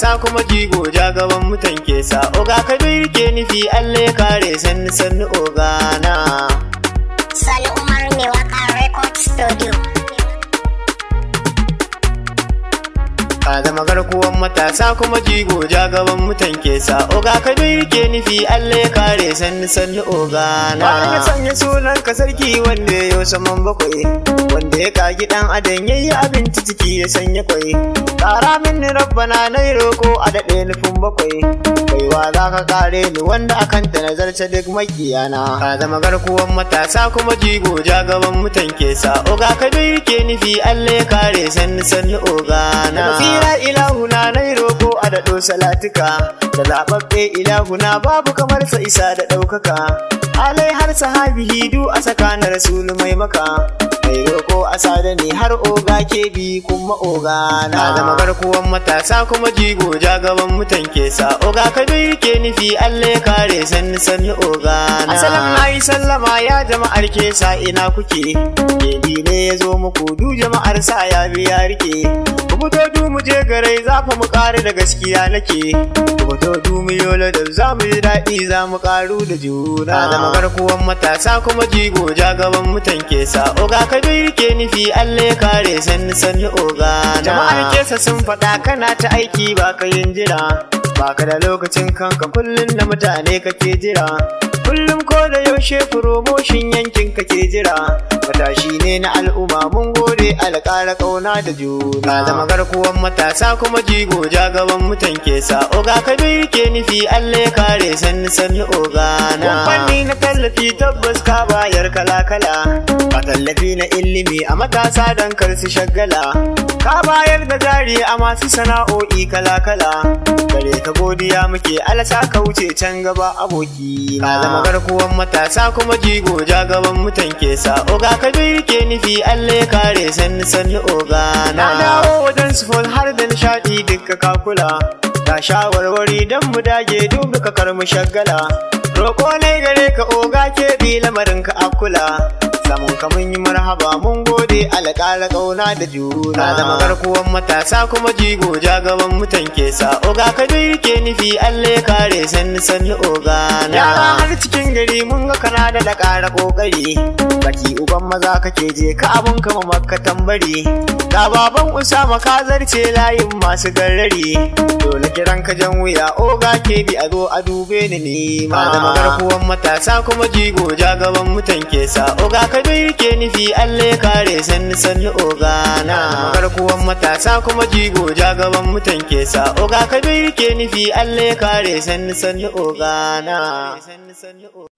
sa kuma jigo ja gaban mutan kesa oga ka kabir ke nufi allah ya kare sanni sannu ogana sani umar mai record studio a zama garkuwan matasa kuma jigo jagaban mutan sa, oga ka dai rike nufi alle kare sannu sannu oga na ya sanya sunan ka sarki wanda ya saman bakwai wanda ya kagi dan adam yayi abinci ciki ya sanya kwai kara min rabbana nai roko a daɗe nufin bakwai wa za ka kare ni wanda akan ta nazarta duk makiyana ka zama garkuwan matasa kuma jigo jagaban mutan sa, oga ka dai rike nufi alle kare sannu sannu oga na ya ilahuna na roko a daɗo salatuka da zaɓaɓɓe ilahuna babu kamar sa isa da ɗaukaka alai har sahabi hidu a tsakanin rasulu mai maka ko roko asa da ni har oga ke bi kuma oga na zama matasa kuma jigo jagaban mutan ke sa oga ka ke nufi Allah ya kare sanni sanni oga na assalamu ai sallama ya jama'ar ke sa ina kuke bi ne ya zo muku du jama'ar sa ya biya rike Ku fito du mu je garai zafa mu kare da gaskiya nake fito dumiyola da za mu yi daɗi za mu ƙaru da juna zama garkuwan matasa kuma jigo jagaban gaban mutan kesa oga ka rike nufi allah ya kare sannu sannu oga jama'ar kesa sun faɗa kana ta aiki ba ka yin jira ba ka da lokacin kanka kullum da mutane kake jira kullum ko da yaushe promotion yankin kake jira matashi ne na al'umma mun gode alƙara ƙauna da juna zama garkuwan matasa kuma jigo jagaban mutan sa, oga kabir ke nufi allah ya kare sannu sannu ogana kwamfani na tallafi tabbas ka bayar kala kala ba tallafi na ilimi a matasa don kar su shagala Ka bayar da jari a masu sana'o'i kala-kala, gare ka godiya muke alasa ka wuce can gaba aboki. Ka zama garkuwan matasa kuma jigo jagaban gaban mutan ke sa, oga ka nifi nufi ya kare sannu sannu oga na. Na dawo wajen sufol har da nishaɗi duka ka kula, ga shawarwari don mu dage duk ka karmu shagala. Roƙo ne gare ka oga ke bi lamarin ka akula. ka mun yi marhaba mun gode alƙala ƙauna da juna na zama garkuwan matasa kuma jigo jagaban mutan ke sa, oga ka dai ke nufi Allah ya kare sanni sanni oga na yara har cikin gari mun ga kana da da ƙara ƙoƙari baki uban maza kake je ka abun kama makka tambari Ga baban Usama ka zarce layin masu garari Dole kiran ka jan wuya oga ke bi a zo a dube ni ni Malama garkuwan matasa kuma jigo jagaban mutan kesa Oga ka bi ke nufi alle kare san sannu oga na Garkuwan matasa kuma jigo jagaban mutan kesa Oga ka bi ke nufi alle kare san sannu oga na